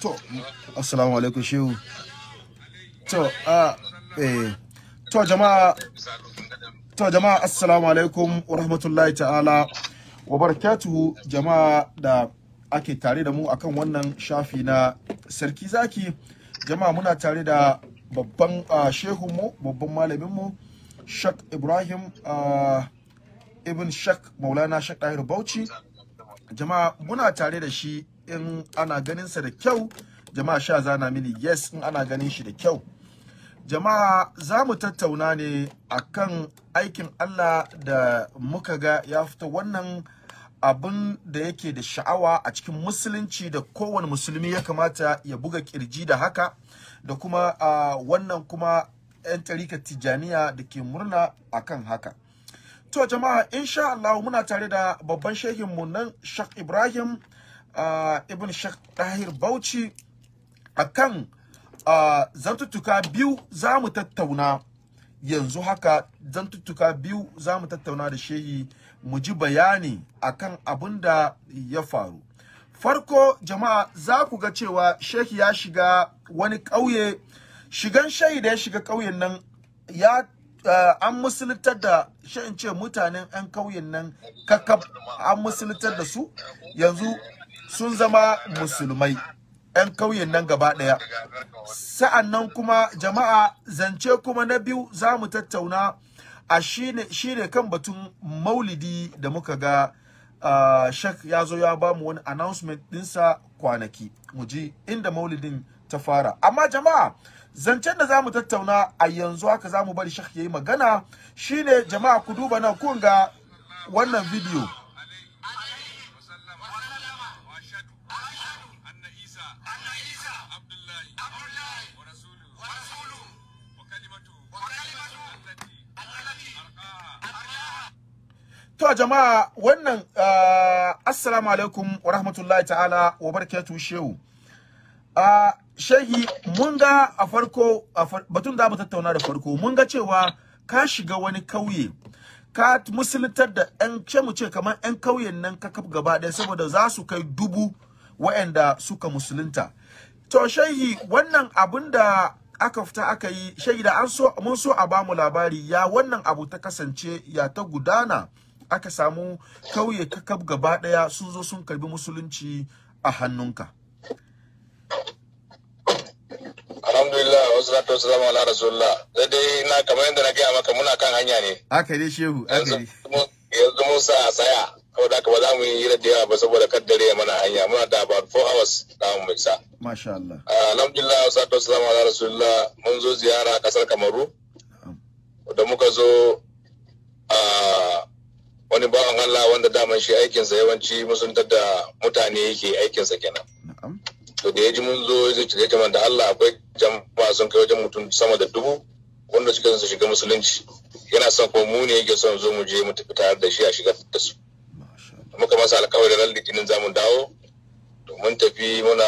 to assalamu alaikum shehu to a eh to jama'a to jama'a assalamu alaikum wa rahmatullahi ta'ala wa barakatuhu jama'a da ake tare da mu akan wannan shafi na sarki zaki jama'a muna tare da babban shehunmu babban malaminmu shak ibrahim ibn shak maulana shak ɗahir bauchi jama'a muna tare da shi in ana ganin sa da kyau jama'a sha zana mini yes in ana ganin shi da kyau jama'a za mu tattauna ne akan aikin Allah da muka ga ya fita wannan abin da yake da sha'awa a cikin musulunci da kowane musulmi ya kamata ya buga kirji da haka da kuma uh, wannan kuma 'yan tarika tijaniya da ke murna akan haka to jama'a insha Allah muna tare da babban shehinmu nan Sheikh Ibrahim uh, ibn Sheikh Tahir Bauchi akan uh, zantuttuka biyu za mu tattauna yanzu haka zantuttuka biyu za mu tattauna da shehi mu ji bayani akan abin da ya faru farko jama'a za ku ga cewa shehi ya shiga wani ƙauye shigan shehi da ya shiga ƙauyen nan ya an musuluntar da sha'in ce mutanen 'yan ƙauyen nan kakab an musulutar da su yanzu sun zama musulmai yan kauyen nan gaba ɗaya sa'annan kuma jama'a zance kuma na biyu za mu tattauna a shine ne kan batun maulidi da muka ga shak shek ya zo ya ba mu wani announcement dinsa kwanaki mu ji inda maulidin ta fara amma jama'a zancen da za mu tattauna a yanzu haka za mu bari shak ya yi magana shine jama'a ku duba na kun ga wannan video To jama'a wannan uh, assalamu alaikum wa rahmatullahi ta'ala wa barakatuhu shehu. Uh, shehi mun ga a farko batun da mu tattauna da farko mun ga cewa ka shiga wani kauye ka musuluntar da 'yan ce mu ce kamar 'yan kauyen nan ka kaf gaba ɗaya saboda za su kai dubu waɗanda suka musulunta. To shehi wannan abun da aka fita aka yi shehi da an so mun so a bamu labari ya wannan abu ta kasance ya ta gudana. aka samu kauye kakab gaba daya sun zo sun karbi musulunci a hannunka alhamdulillah wa salamu ala rasulullah dai na kamar yadda na gaya maka muna kan hanya ne aka dai shehu aka dai yanzu musa a saya. saboda haka ba za mu yi hira da yawa ba saboda kar dare ya mana hanya muna da about four hours da mu isa masha Allah ah, alhamdulillah wa salamu ala rasulullah mun zo ziyara kasar Kamaru da muka zo ah, wani bawan Allah wanda daman shi aikinsa yawanci musuntar da mutane yake aikinsa kenan. To da ya ji mun zo zai cire jama'a da Allah akwai jama'a sun kai wajen mutum sama da dubu wanda suka su shiga musulunci yana son ko mu ne yake son zo mu je mu tafi tare da shi a shigar da su. Muka masa alkawari ran litinin za mu dawo to mun tafi muna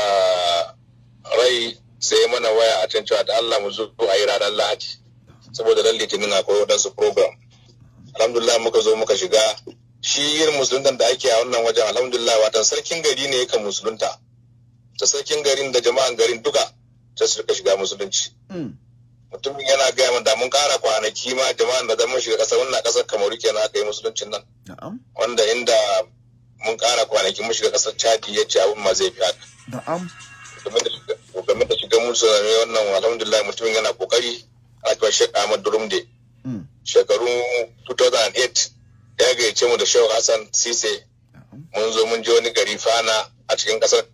rai sai mana waya a can cewa da Allah mu zo a yi ranar lahadi saboda ran litinin akwai wadansu program. alhamdulillah muka zo muka shiga shi irin musulunta da ake a wannan wajen alhamdulillah watan sarkin gari ne yake musulunta ta sarkin garin da jama'an garin duka ta suka shiga musulunci hmm. mutumin yana gaya min da mun kara kwanaki ma jama'an da zama shiga kasar wannan kasar kamaru kenan aka yi musuluncin nan wanda inda mun kara kwanaki mun shiga kasar chadi ya ce abin ma zai fi haka game da shiga musulunci wannan alhamdulillah mutumin yana kokari a kuma shek ahmad durumde Mm. shekarun 2008 ya gayyace mu da shehu hassan sise mun zo mun je wani gari fana a cikin kasar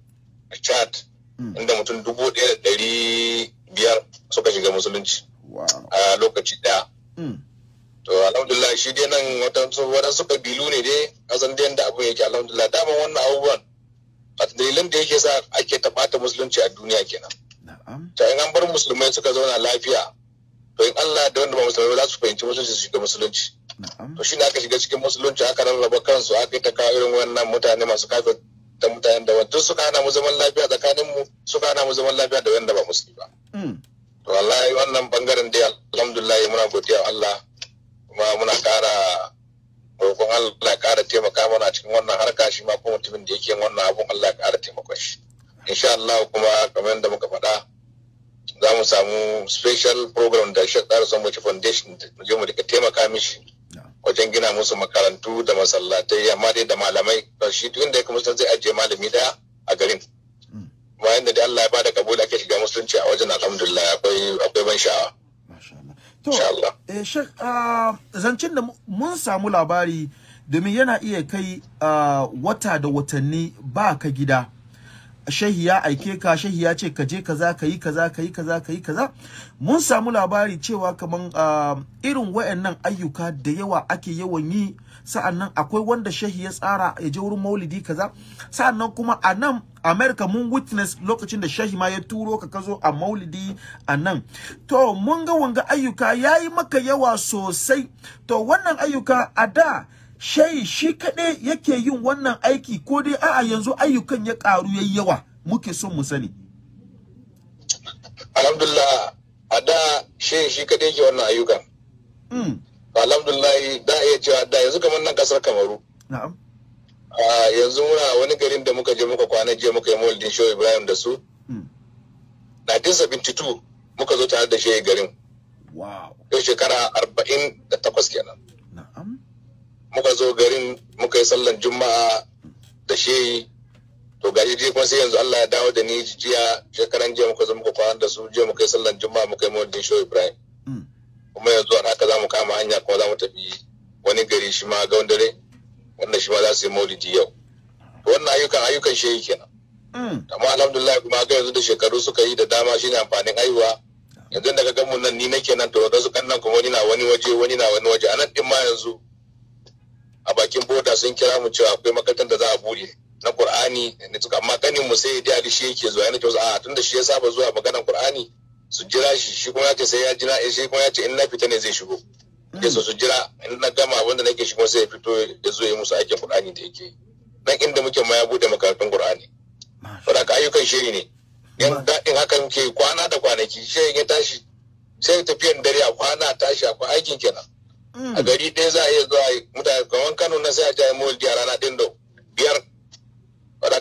chad mm. inda mutum dubu ɗaya da ɗari biyar suka shiga musulunci a lokaci ɗaya mm. to alhamdulillah shi dai nan wadansu kabilu ne dai kasan dai yadda abin yake alhamdulillah daman wannan abubuwan a dalilin da yake sa ake taɓata musulunci a duniya kenan ta in an bar musulmai suka zauna lafiya to in Allah da wanda ba musulmai za su fahimci musulunci su shiga musulunci to shi aka shiga cikin musulunci aka rarraba kansu aka yi ta kawo irin wannan mutane masu kafin da mutanen da wanda suka hana mu zaman lafiya tsakanin mu suka hana mu zaman lafiya da wanda ba musulmi ba mm. to wallahi wannan bangaren dai alhamdulillah muna godiya Allah kuma muna kara roƙon Allah ya kara taimaka mana cikin wannan harka shi ma ko mutumin da yake wannan abun Allah ya kara taimakon shi insha Allah kuma kamar yadda muka faɗa za mu samu special program da shi ɗara sun mace foundation je mu ka taimaka mishi wajen gina musu makarantu da masallatai amma dai da malamai da shi duk inda ya kuma zai ajiye malami daya a garin bayan mm. da Allah ya bada kabula ake shiga musulunci a wajen alhamdulillah akwai akwai ban sha'awa to eh uh, zancin da mun samu labari domin yana iya kai uh, wata da watanni ba ka gida shahiya ya aike ka shahiya ya ce ka je kaza ka yi kaza ka yi kaza ka yi kaza mun samu labari cewa kaman um, irin wayannan ayyuka da yawa ake yawan yi sa'annan akwai wanda shahi ya tsara ya je wurin maulidi kaza sa'annan kuma a nan America mun witness lokacin da shahi ma ya turo ka kazo a maulidi a nan to mun ga wanga ayyuka yayi maka yawa sosai to wannan ayyuka a da shai shi kadai yake yin wannan aiki ko dai a'a yanzu ayyukan ya karu yayi yawa muke son mu sani alhamdulillah a da shai shi kaɗai yake wannan ayyukan mm. alhamdulillah da iya cewa da yanzu kamar nan kasar kamaru na'am a yanzu muna wani garin da muka je muka kwana je muka yi mawaldin shehu ibrahim da su hmm. na 1972 muka zo tare da shehu garin wow yau shekara 48 kenan muka zo garin muka yi sallan juma'a da shehi to gashi je kuma sai yanzu Allah ya dawo da ni jiya shekaran jiya muka zo muka kwana da su jiya muka yi sallan juma'a muka yi mawadin shehu Ibrahim hmm. kuma yanzu an haka za mu kama hanya kuma za mu tafi wani gari shi ma ga dare wanda shi ma za su yi maulidi yau To wannan ayyukan ayyukan shehi kenan hmm. amma alhamdulillah kuma ga yanzu da shekaru suka yi da dama shine amfanin aiwa yanzu da ka ga nan ni nake nan to ga su kan nan kuma wani na wani waje wani na wani waje a nan din ma yanzu a bakin boda sun kira mu cewa akwai makarantar da za a bude na Qur'ani ne tuka amma kanin mu sai da shi yake zuwa yana cewa a tunda shi ya saba zuwa maganar Qur'ani su jira shi shi kuma yace sai ya jira eh, shi kuma yace in na fita ne zai shigo ya mm. so su jira in na gama abinda nake shi kuma sai ya fito ya zo ya musu aikin Qur'ani da yake nan inda muke ma ya bude makarantun Qur'ani ka ayyukan shiri ne yan daɗin hakan ke kwana da kwanaki shi ya tashi sai tafiyan dare a kwana tashi akwai aikin kenan a gari ɗaya za a iya zuwa mutane kamar kano na sai a jami moldi jiya rana ɗin da biyar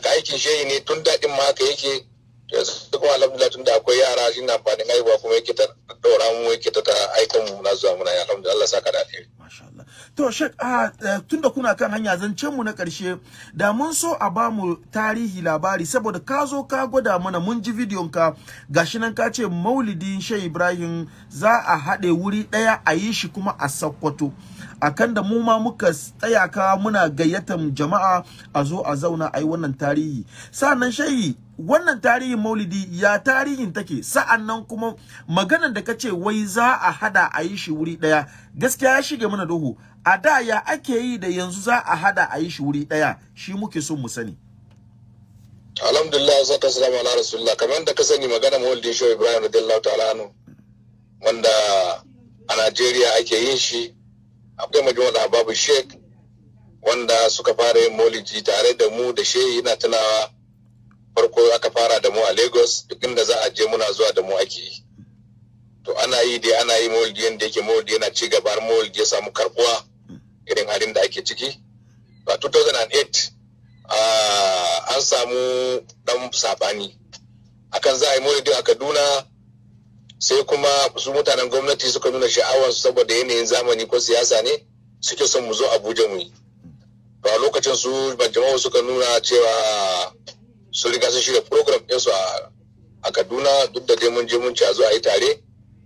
ka aikin shehi ne tun daɗin ma haka yake yanzu kuma alhamdulillah tun da akwai yara shi na amfanin haihuwa kuma yake ta ɗora mu yake ta aikan mu na zuwa muna ya alhamdulillah Allah ka da alheri to shek a eh, tunda kuna kan hanya zancen mu na karshe da mun so a ba mu tarihi labari saboda ka zo ka gwada mana mun ji bidiyon ka gashi nan ka ce maulidin shai ibrahim za a haɗe wuri ɗaya a yi shi kuma a sakkwato akan da mu ma muka tsaya ka muna gayyatar jama'a a zo a zauna a yi wannan tarihi sa'annan shayi wannan tarihin maulidi ya tarihin take sa'an nan kuma maganar da kace wai za a hada a yi shi wuri daya gaskiya ya shige mana duhu a da ya ake yi da yanzu za a hada a yi shi wuri daya shi muke son mu sani alhamdulillah za ka salama ala rasulullah kamar da ka sani magana mawalidin shi ibrahim radiyallahu ta'ala anu wanda a najeriya ake yin shi akwai da Babu Sheik. wanda suka fara yin mawalidi, tare da mu da shehi yana tunawa farko aka fara da mu a lagos duk inda za a je muna zuwa da mu ake yi to ana yi dai ana yi yadda yake mawalidi yana ci gaba har ya samu karbuwa irin halin da ake ciki a 2008 ah, an samu ɗan sabani akan za a yi maulidi a kaduna sai kuma su mutanen gwamnati suka nuna sha'awar saboda yanayin zamani ko siyasa ne suke son mu zo abuja mu yi to a lokacin su majama'u suka nuna cewa sun riga sun shirya program ɗinsu a kaduna duk da mun je mun ci a zo a yi tare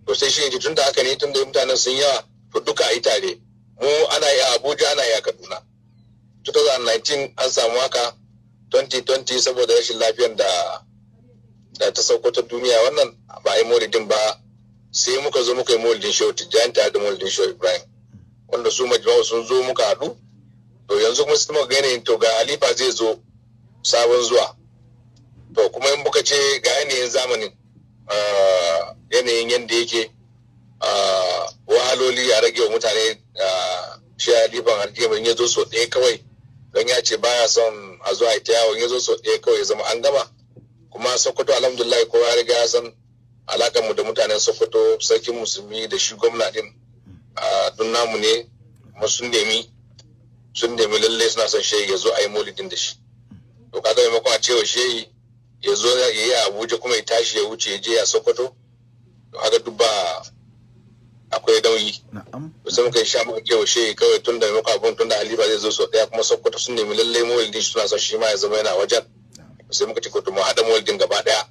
to sai shi tun da haka ne tun da mutanen sun yawa to duka a yi tare mu ana yi a abuja ana yi a kaduna 2019 an samu haka 2020 saboda rashin lafiyar da da ta sauko ta duniya wannan ba a yi molidin ba sai muka zo muka yi molidin shehu tijjani tare da molidin shehu ibrahim wanda su majma'u sun zo muka haɗu to yanzu kuma sun muka gani to ga alifa zai zo sabon zuwa to kuma in muka ce ga yanayin zamanin ah, yanayin yadda yake ah, wahaloli a rage wa mutane shi ya diban algemin ya zo so ɗaya kawai don ya ce baya son a zuwa ita yawon ya zo so ɗaya kawai zama an gama kuma sokoto alhamdulillah kowa ya riga ya san alaƙar mu da mutanen sokoto sarkin musulmi da shi gwamna din dun namu ne kuma sun nemi sun nemi lalle suna son shehi ya zo a yi maulidin da shi to kaga maimakon a cewa shehi ya zo ya yi abuja kuma ya tashi ya wuce ya je a sokoto to haka duk ba akwai nauyi sai muka sha muka ke washe kawai tun da muka abun tun da halifa zai zo so daya kuma sokoto sun nemi lallai mawalidin suna son shi ma ya zama yana wajen sai muka ce kutu mu haɗa mawalidin gaba daya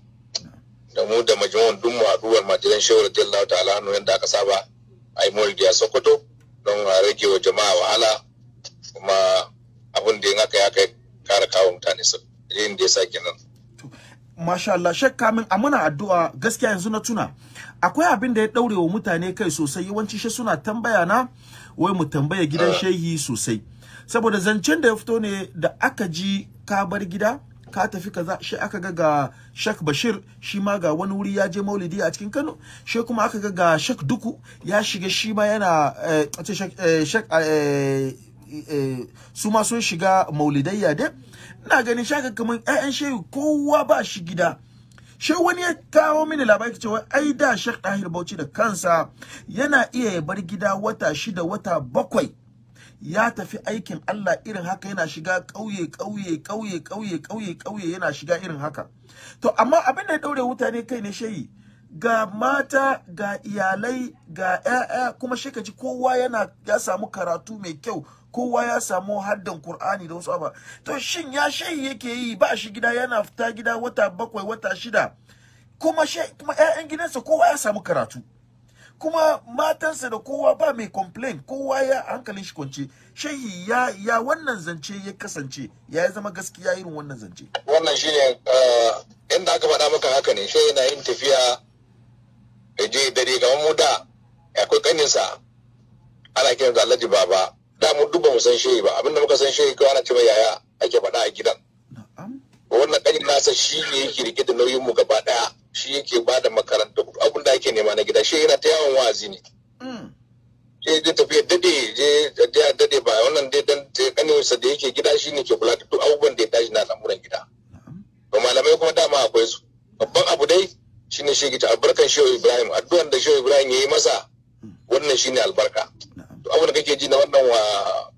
da mu da majmuwan duk mu haɗuwar majalan shehu radiyallahu ta hannu yadda aka saba a yi mawalidi a sokoto don a rage wa jama'a wahala kuma abun da yin haka ya kai kara kawo mutane su yin da ya sa kenan. Masha Allah, shek kamin a muna addu'a gaskiya yanzu na tuna akwai abin da ya daure wa mutane kai sosai yawanci shi suna tambaya na wai mu tambaya gidan eh. shehi sosai saboda zancen da ya fito ne da aka ji ka bar gida ka tafi kaza shi aka ga ga Sheikh Bashir shi ma ga wani wuri ya je Maulidi a cikin Kano shi kuma aka ga ga Sheikh Duku ya shiga shi ma yana a eh, ce Sheikh eh, su ma sun shiga Maulidayya dai ina ganin shaka kaman ƴaƴan shehu kowa ba shi gida she wani ya kawo mini labari cewa ai da Sheikh Tahir Bauchi da kansa yana iya ya bar gida wata shida wata bakwai ya tafi aikin Allah irin haka yana shiga ƙauye ƙauye ƙauye ƙauye ƙauye ƙauye yana shiga irin haka to amma abin da ya daure wuta ne kai ne shehi ga mata ga iyalai ga ƴaƴa kuma shi ji kowa yana ya samu karatu mai kyau kowa ya samu haddan Kur'ani da wasu abu to shin ya shehi yake yi ba shi gida yana fita gida wata bakwai wata shida kuma she kuma ƴaƴan gidansa kowa ya samu karatu kuma matansa da kowa ba mai complain kowa ya hankalin shi kwance shehi ya ya wannan zance ya kasance ya zama gaskiya irin wannan zance wannan shine eh, inda aka faɗa maka haka ne shehi na yin tafiya ya je dare ga mu da akwai kaninsa ana kiran da Alhaji Baba da mu duk ba mu san shehi ba abinda muka san shehi kawai ana cewa yaya ake faɗa a gidan wannan ƙanin nasa shi ne yake rike da nauyin mu gaba ɗaya shi yake ba da makaranta abin da ake nema na gida shi yana ta yawon wa'azi ne mm. je je tafiya dade je je dade ba wannan dai dan ƙanin sa da yake gida shi ne ke kula da duk abubuwan da ya tashi na lamuran gida ba malamai kuma dama akwai su babban abu dai shine shi gita albarkan shehu ibrahim addu'an da shehu ibrahim ya yi masa mm. wannan shine albarka abu da kake ji na wannan wa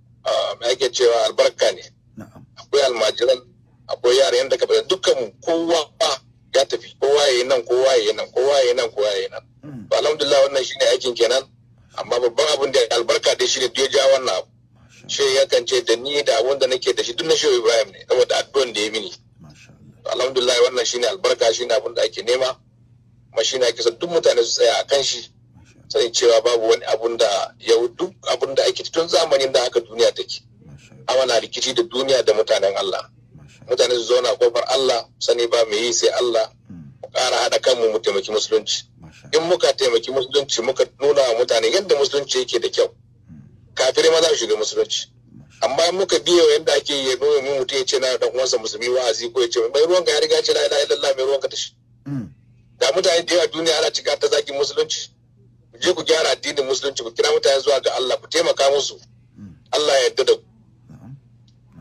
mai ake cewa albarka ne akwai almajiran akwai yara yadda ka bada dukkan kowa ya tafi kowa ya yi nan kowa ya yi nan kowa ya yi nan kowa ya yi nan ba mm. alhamdulillah wannan shine aikin kenan amma babban abin da albarka dai shine ya ja wannan abu shi ya kance da ni da abun da nake da shi duk na shehu ibrahim ne saboda addu'an da ya mini alhamdulillah wannan shine albarka shine abin da ake nema kuma shine ake son duk mutane su tsaya a kan shi sanin cewa babu wani abun da yau duk abun da ake tun zamanin da haka duniya take na rikici da duniya da mutanen Allah mutane su zauna kofar Allah sani ba mai yi sai Allah hmm. mu ƙara haɗa kanmu mu taimaki musulunci in muka taimaki musulunci muka nuna wa mutane yadda musulunci yake da kyau hmm. Kafire ma za su shiga musulunci amma in muka biya yadda ake yi nuna mu mutum ya ce na dan uwansa musulmi wa'azi ko ya ce mai ruwan ga ya riga ce la ilaha illallah mai ruwan ka tashi. Hmm. da mutane da yawa duniya ana cika ta zaki musulunci je ku gyara addinin musulunci ku kira mutane zuwa ga Allah ku taimaka musu Allah ya yarda da ku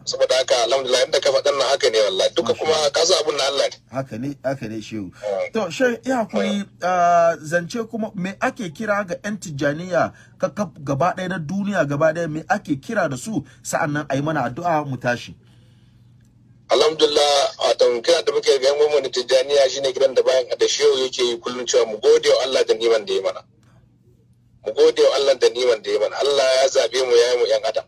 saboda haka alhamdulillah inda ka faɗan nan haka ne wallahi duka kuma ka san abun na Allah ne haka ne haka ne shehu eh. to shehu ya kuri eh. zance kuma me ake kira ga yan tijaniya ka gaba ɗaya na duniya gaba ɗaya me ake kira da su sa'annan ayi mana addu'a mu tashi alhamdulillah wato kira da muke ga yan gwamnati tijaniya shine gidan da bayan da shehu yake yi kullun cewa mu gode wa Allah da niman da ya mana mu gode wa Allah da niman da ya mana Allah ya zabe mu ya yi mu yan adam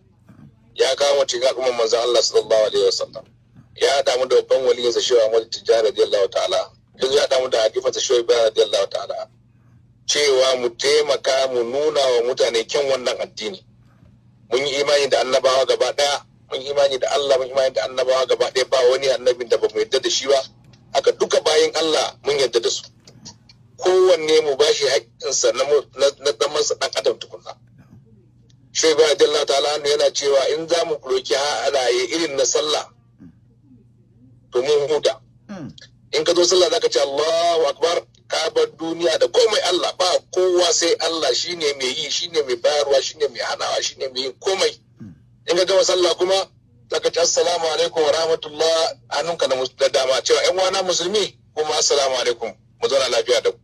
ya kawo mu cikin kuma manzo Allah sallallahu alaihi wasallam ya damu da babban waliyin sa shewa Ahmad Tijjani radiyallahu ta'ala yanzu ya damu da hadifa sa shewa Ibrahim radiyallahu ta'ala cewa mu taimaka mu nuna wa mutane kyan wannan addini mun yi imani da annabawa gaba daya mun yi imani da Allah mun yi imani da annabawa gaba daya ba wani annabin da ba mu yarda da shi ba haka duka bayin Allah mun yarda da su kowanne mu ba shi haƙƙinsa na ɗan masa ɗan adam tukuna. Shi ba Jalla ta hannu yana cewa in za mu roki halaye irin na sallah to mun huta. Hmm. In ka zo sallah za ka ce Allahu Akbar ka bar duniya da komai Allah ba kowa sai Allah shine mai yi shine mai bayarwa shine mai hanawa shine mai komai. Hmm. In ka gama sallah kuma za ka ce assalamu alaikum wa rahmatullah hannunka da dama cewa 'yan wana musulmi kuma assalamu alaikum mu zauna lafiya da ku.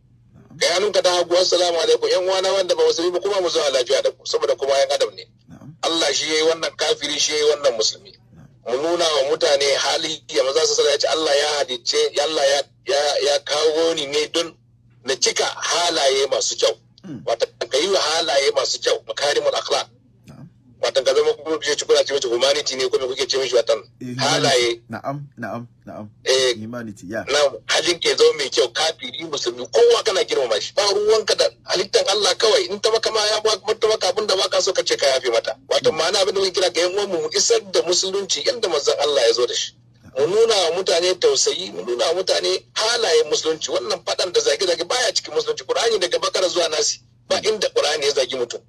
da hannun ka ta hagu assalamu alaikum yan uwana wanda ba musulmi ba kuma mu a lafiya da ku saboda kuma yan adam ne Allah shi yayi wannan kafiri shi yayi wannan musulmi mu nuna wa mutane hali ya maza su ya ce Allah ya halice Allah ya kawo ni ne don na cika halaye masu kyau hmm. wata ka halaye masu kyau mu makarimul akhlaq watan ka zama kuma kuke kuna ce mishi eh, humanity ne kuma kuke ce mishi watan halaye na'am na'am na'am eh humanity ya na halin ke zo mai kyau kafiri musulmi kowa kana girmama shi ba ruwan ka da halittan Allah kawai in ta maka ma ya ba mata maka abin da ka so ka ce ka yafe mata watan hmm. ma'ana abin da muke kira ga yan uwan mu isar da musulunci yanda manzon Allah ya zo da shi mu nuna wa mutane tausayi mu nuna wa mutane halayen musulunci wannan fadan da zage-zage baya cikin musulunci qur'ani daga bakara zuwa nasi ba hmm. inda qur'ani ya zagi mutum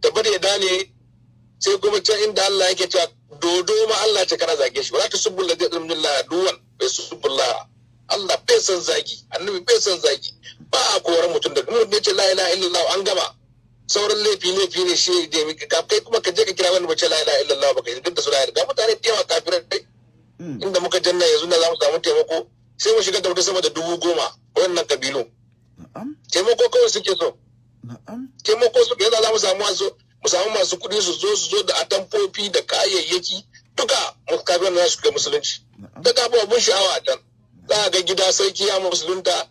da ya dane sai kuma can inda Allah yake cewa dodo ma Allah ta kana zage shi ba wala ta subbul ladhi alhamdulillah duwan bai subbullah Allah bai san zagi annabi bai san zagi ba a koran mutum da mutum ne ce la ilaha illallah an gama sauran laifi laifi ne shi da mi ka kai kuma ka je ka kira wani mace la ilaha illallah baka yi da su la ga mutane da yawa kafirai dai hmm. inda muka janna yanzu na mu samu taimako sai mu shiga dauke sama da dubu goma wannan kabilu taimako kawai suke so taimako suke yanzu za mu samu azo mu samu masu kuɗi su zo su zo da atamfofi da kayayyaki duka kafin na ga musulunci da ba abin sha'awa a can. za ga gida sarki ya musulunta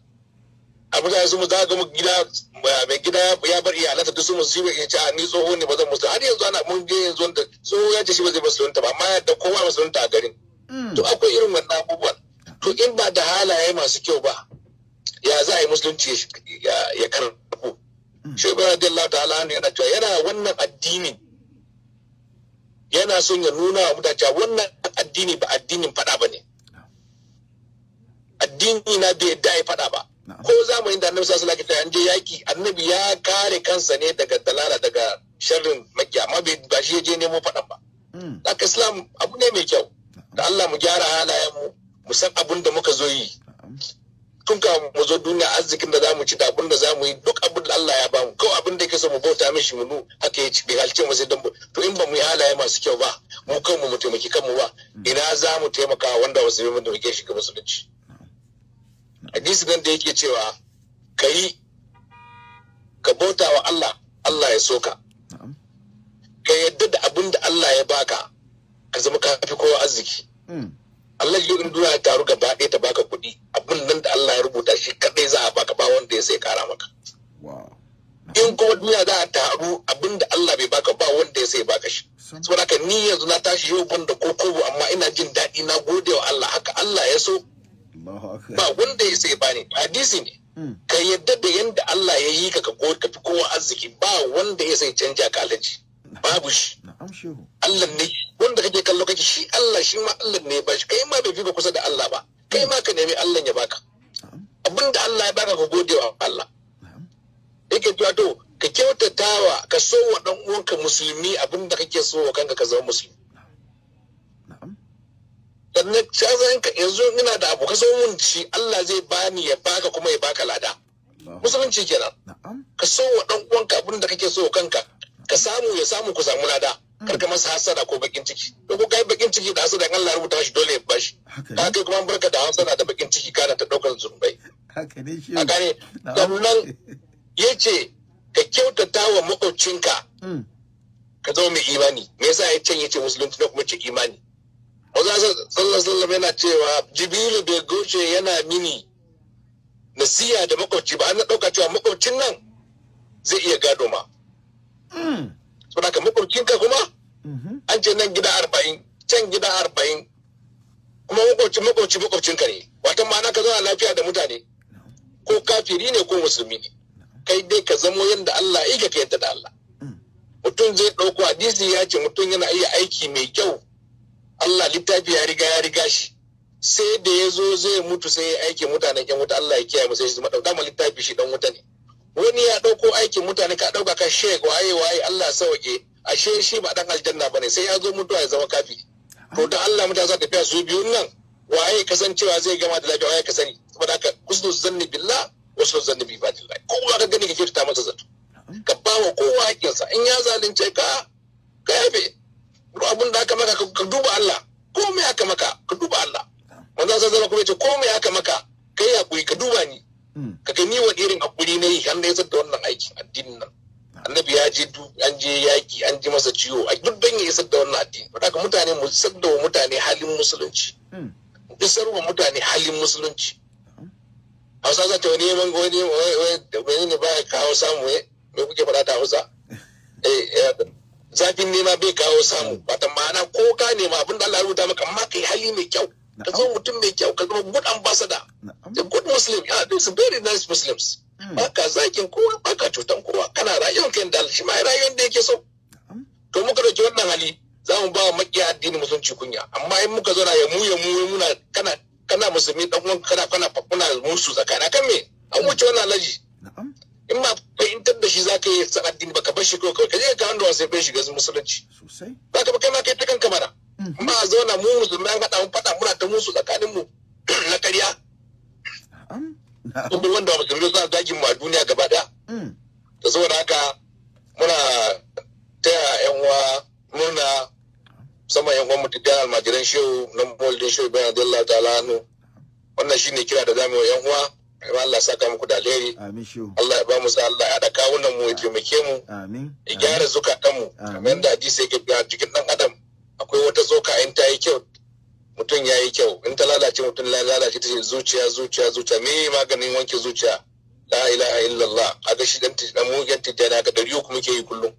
a mutane su za ga gida eh, mai gida ya bar iyalanta. duk su musu ya ce ni tsoho ne ba zan musulunta har yanzu ana mun ga yanzu wanda tsoho ya ce shi ba zai musulunta ba amma yadda kowa musulunta a garin mm. to akwai irin wannan abubuwan to in ba da halaye masu kyau ba ya za a yi musulunci ya karɓo Mm. shi ba radiyallahu ta'ala yana cewa yana wannan addini yana son ya nuna wa mutane wannan addini ba addinin fada ba ne addini na bai yadda ya fada ba ko zamanin da annabi sallallahu alaihi wasallam je yaki annabi ya kare kansa ne daga dalala daga sharrin makki amma bai ba shi je nemo fadan ba mm. haka islam abu ne mai kyau da Allah mu gyara halayen mu mu san abin da muka zo yi tun ka mu zo duniya arzikin da zamu ci da abin da zamu yi duk abin da Allah ya bamu kawai abin da yake so mu bauta mishi mu haka ya ci bai halce mu sai dan to in ba mu yi halaye masu kyau ba mu kanmu mu taimaki kanmu ba ina za mu taimaka wanda wasu bai mu dauke shi ga musulunci hadisi nan da yake cewa kai ka bauta wa Allah Allah ya soka ka yadda da abin da Allah ya baka ka zama ka kowa arziki hmm. Allah in duniya ta taru gaba ɗaya ta baka kuɗi abin nan da Allah ya rubuta shi kaɗai za a baka ba wanda ya sai kara maka. In kuma duniya za a taru abin da Allah bai baka ba wanda ya sai baka shi. Saboda ka ni yanzu na tashi yau ban da kokobo amma ina jin daɗi na gode wa Allah haka Allah ya so. Ba wanda ya sai bani hadisi ne. Hmm. Ka yadda da yanda Allah ya yi ka ka fi kowa arziki ba wanda ya sai canja ka babu shi Allah ne wanda kake kallo kake shi Allah shi ma Allah ne ba shi kai ma bai fi ka kusa da Allah ba kai ma ka nemi Allah ya baka abinda Allah ya baka ka gode wa Allah yake cewa to ka kyautatawa ka so wa dan uwanka musulmi abinda kake so wa kanka ka zama musulmi sannan cazan ka yanzu ina da abu kaso munci Allah zai bani ya baka kuma ya baka lada musulunci kenan ka so wa dan uwanka abinda kake so kanka ka samu ya samu ku samu lada mm. karka masa hasada ko bakin ciki to ko kai bakin ciki da hasada kan Allah rubuta shi dole ya bashi haka kai kuma barka da hasada da bakin ciki kana ta daukar zurbai haka ne shi haka ne sannan yace ka kyautata wa makocinka mm. ka zo mai imani me yasa ya can yace musulunci na kuma ce imani Maza sallallahu alaihi yana cewa Jibilu bai goce yana mini nasiya da makwabci ba an dauka cewa makwabcin nan zai iya je nan gida arba'in can gida arba'in kuma makoci makoci ka ne Wata ma'ana ka zauna lafiya da mutane ko kafiri ne ko musulmi ne kai dai ka zamo yadda Allah ya ka yadda da Allah mutum zai ɗauko hadisi ya ce mutum yana iya aiki mai kyau Allah littafi ya riga ya riga shi sai da ya zo zai mutu sai ya aiki mutanen yan wuta Allah ya kiyaye mu sai su madauka ma littafi shi ɗan wuta ne wani ya ɗauko aikin mutane ka ɗauka ka shek waye waye Allah sauke ashe shi ba dan aljanna bane sai ya zo mutuwa ya zama kafi to da Allah mutane za tafiya su biyun nan waye kasancewa zai gama da lafiya waye ka sani saboda haka husnu zanni billah wa su zanni bi ko kowa ka gani ka kirta masa zato ka ba wa kowa hakinsa in ya zalunce ka ka yafe duk abin da aka maka ka duba Allah komai aka maka ka duba Allah manzo sai zama kuma ce komai aka maka kai hakuri ka duba ni hmm. ka gani wa irin hakuri ne yanda ya zata wannan aikin addinin nan annabi ya je an je yaki an ji masa ciwo a duk dan ya isar da wannan addini ba ka mutane mu isar da mutane halin musulunci hmm. isar wa mutane halin musulunci hausa za ta wani neman wani wani ne baya kawo samu eh? me kuke faɗa ta hausa eh, eh, zafin nema bai kawo samu wata ma'ana ko ka nema abin da Allah ya rubuta maka amma kai hali mai kyau ka zama mutum mai kyau ka zama good ambassador da good muslim yeah, there's very nice muslims Hmm. baka zakin kowa baka cutan kowa kana rayuwar kan da shi ma rayuwar da yake so to muka dauki wannan hali za mu ba wa makiya addini musulunci kunya amma in muka zo ya mu ya mu muna kana kana musulmi dan uwan kana kana kuna musu zakana kan me an wuce wannan alaji in ma fahimtar da shi za ka yi san addini baka bar shi kawai kawai je ka hannu sai bai shiga musulunci sosai za ka kai ma kai ta kanka mana ma hmm. zauna mu musulmi an haɗa mu faɗa muna ta musu tsakanin mu na ƙarya kuma wanda ba musulmi sa zagin mu a duniya gaba da da mm. saboda haka muna taya yan uwa murna sama yan uwa mutu dukkan almajiran shehu na mawalidin shehu bayan adalla ta lanu wannan shine kira da zamu yan uwa Allah ya saka muku da alheri Allah ya ba mu sa Allah ya da kawunan mu ya taimake mu ya gyara zukatan mu kamar da hadisi yake cikin dan adam akwai wata zoka in ta yi kyau mutum ya yi kyau in ta lalace mutum ya lalace ta ce zuciya zuciya zuciya me maganin wanke zuciya la ilaha illallah kaga shi dan dan mugen tijjani ka dari uku muke yi kullum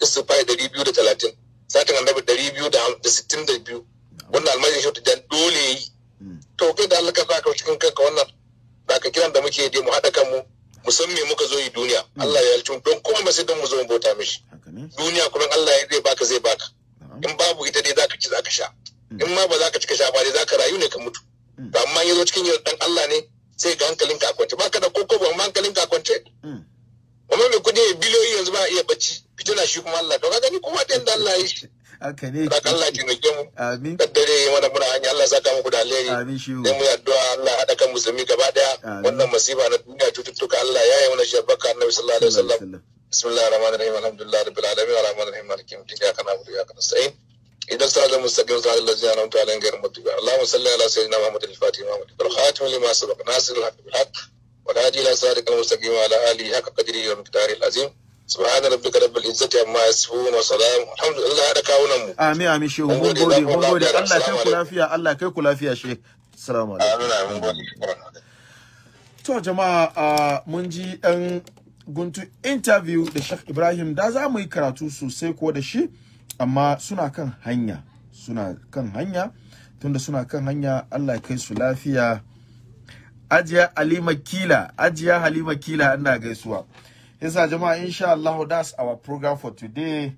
istifai hmm. dari biyu da talatin satin annabi dari biyu da sittin da biyu wannan almajin shi tijjani dole yi hmm. to kai da Allah ka saka cikin kanka wannan da ka kiran da muke yi mu haɗa kanmu musamman muka zo yi duniya hmm. Allah ya halcin don kuma ba sai don mu zo mu bauta mishi duniya kuma Allah ya zai baka zai baka in babu ita dai zaka ci zaka sha in ma ba za ka cika shafa za ka rayu ne ka mutu to mm. amma ya zo cikin yardan Allah ne sai ga hankalin ka kwance ba ka da koko ba amma hankalin ka kwance amma mm. mai kudi ya biliyoyi yanzu ba a iya bacci fitina shi kuma Allah to ka gani kuma da yadda Allah ya shi Allah amin mana muna hanya Allah saka muku da alheri amin shi mu mu Allah kan musulmi gaba daya wannan masifa na duniya cututtuka Allah ya yi mana shabaka annabi sallallahu alaihi wasallam idan استعد المستقيم على الذين أنعمت عليهم غير المغضوب اللهم صل على سيدنا محمد الفاتح محمد الخاتم لما سبق ناصر الحق بالحق والهادي إلى صراطك المستقيم وعلى آله حق قدره ومقداره العظيم subhana rabbika rabbil izzati amma yasifun wa salam alhamdulillah da kawunan mu amin amin shehu mun gode mun gode Allah kai ku lafiya Allah kai ku lafiya shehu assalamu alaikum amin amin to jama'a mun ji dan guntu interview da Sheikh Ibrahim da za mu yi karatu sosai ko da shi amma suna kan hanya suna kan hanya tunda suna kan hanya Allah kai su lafiya ajiya Halima Kila ajiya Halima Kila ina gaisuwa yasa jama'a insha Allah that's our program for today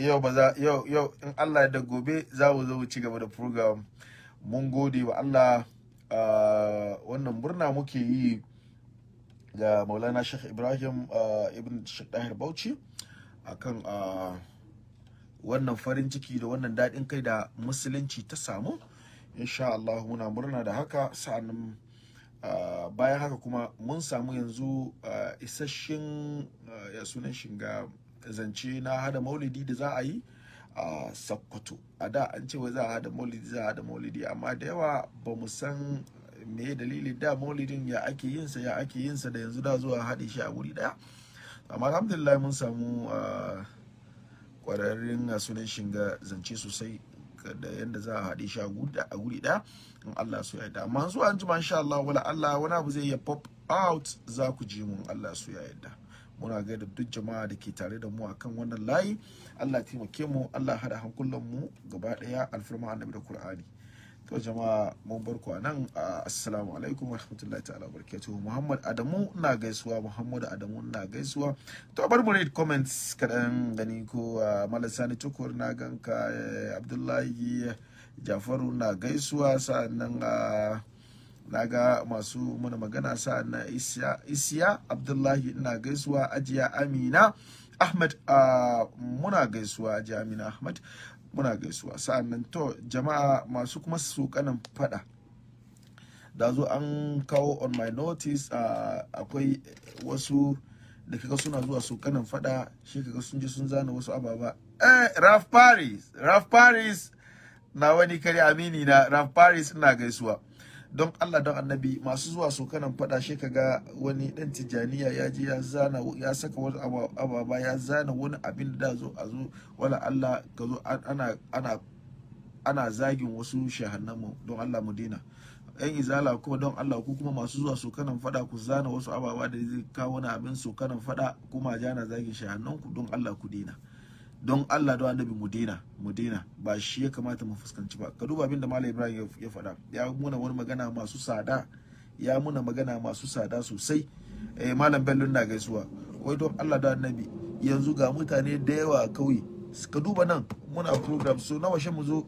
yau ba za yau yau in Allah da gobe za mu zo ci gaba da program mun gode wa Allah ah, wannan murna muke yi ga Maulana Sheikh Ibrahim ah, ibn Sheikh Dahir Bauchi akan ah, wannan farin ciki da wannan daɗin kai da musulunci ta samu insha Allah muna murna da haka sa'annan bayan haka kuma mun samu yanzu isasshen ya sunan shinga zance na hada maulidi da za a yi a sakkwato a da an ce wai za a hada maulidi za a hada maulidi amma da yawa ba mu san me dalili da maulidin ya ake yinsa ya ake yinsa da yanzu da zuwa haɗe shi a wuri ɗaya amma alhamdulillah mun samu kwararren ne shiga zance sosai da yadda za a haɗe shi a guri ɗaya in Allah su yarda amma zuwa an jima insha Allah wala Allah wani abu zai iya pop out za ku ji mun Allah su yarda muna gaida duk jama'a da ke tare da mu akan wannan layi Allah taimake mu Allah hada hankulan mu gaba ɗaya alfirma annabi da Qur'ani to jama'a mun bar ku nan assalamu alaikum warahmatullahi ta'ala barkatu muhammad adamu na gaisuwa muhammad adamu na gaisuwa to bar mu read comments kadan gani ko malasani tukur na ganka e, abdullahi jafaru na gaisuwa sa'annan na ga masu mana magana sa'annan isya isya abdullahi na gaisuwa ajiya amina Ahmad uh, muna gaisuwa Amina Ahmad muna gaisuwa sa'annan to jama'a masu kuma kanan fada da zo an kawo on my notice akwai wasu da kaga suna zuwa kanan fada shi kaga sun je sun zana wasu ababa eh Raf Paris Raf Paris na wani kare amini na Raf Paris ina gaisuwa don Allah don annabi masu zuwa kanan fada shi kaga wani dan tijaniya ya ji ya zana ya saka wani ababa ya zana wani abin da zo a zo wala Allah ka zo ana ana ana zagin wasu shahannan don Allah mu dina yan izala kuma don Allah ku kuma masu zuwa kanan fada ku zana wasu ababa da zai kawo wani abin kanan fada kuma jana zagin shahannan ku don Allah ku dina don Allah don annabi mu Mudina ba shi ya kamata mu fuskanci ba ka duba abin da malam Ibrahim ya faɗa ya muna wani magana masu tsada ya muna magana masu sada sosai eh malam Bello na gaisuwa wai don Allah don annabi yanzu ga mutane da yawa a kauye ka duba nan muna program so nawa shi mu zo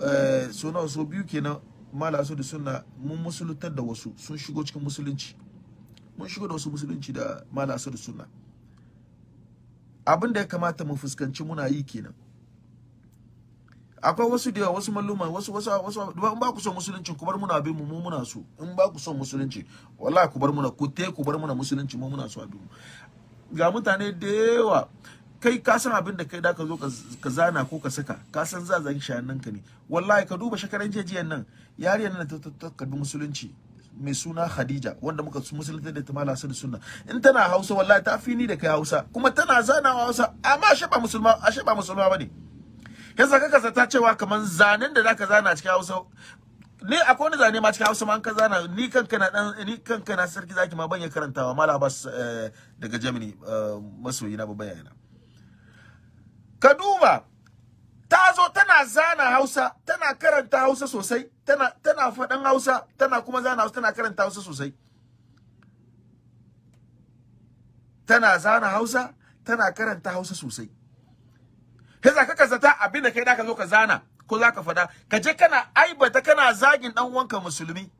eh, so nawa so biyu kenan malam so da sunna mun musulutar da wasu sun shigo cikin musulunci mun shigo da wasu musulunci da malam so da sunna abin da ya kamata mu fuskanci muna yi kenan akwai wasu da wasu malluma wasu wasu wasu in ba ku son musulunci ku bar muna abin mu muna so in ba ku son musulunci wallahi ku bar muna ku te ku bar muna musulunci mu muna so abin mu ga mutane da yawa kai ka san abin da kai da ka zo ka zana ko ka saka ka san za zan shayan nan ka ne wallahi ka duba shekaran jejiyan nan yariyan nan ta ta bi musulunci mai suna Khadija wanda muka musulunta da tamala sun sunna in tana Hausa wallahi ta fi ni da kai Hausa kuma tana zana wa Hausa amma ashe ba musulma ashe ba musulma bane yasa kaka zata cewa kaman zanen da zaka zana cikin Hausa ni akwai wani zane ma cikin Hausa ma an ka zana ni kanka na dan ni kanka na sarki zaki ma ban karantawa mala Abbas eh, daga Germany eh, masoyina babban yana ka duba ta zo tana zana Hausa tana karanta Hausa sosai tana tana faɗan Hausa tana kuma zana Hausa tana karanta Hausa sosai tana zana Hausa tana karanta Hausa sosai sai zaka ka kazata abin da kai da ka zo ka zana ko zaka fada Kaje ka je kana aibata kana zagin dan wanka musulmi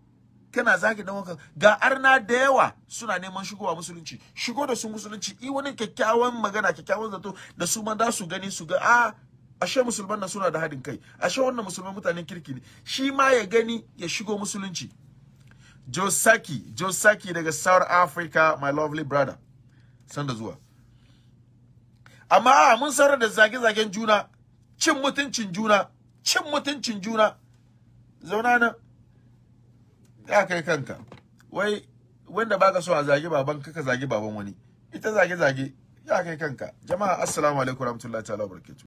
kana zagin dan wanka ga arna da yawa suna neman shigowa musulunci shigo da su musulunci i wani kyakkyawan magana kyakkyawan zato da su ma da su gani su ga a ah, ashe musulman nan suna da hadin kai ashe wannan musulman mutanen kirki ne shi ma ya gani ya shigo musulunci Josaki Josaki daga South Africa my lovely brother sanda zuwa amma a mun sanar da zage-zagen juna cin mutuncin juna cin mutuncin juna zauna nan ya kai kanka wai wanda baka so a zagi baban kaka zagi baban wani ita zage-zage ya kai kanka jama'a assalamu alaikum warahmatullahi ta'ala wabarakatuh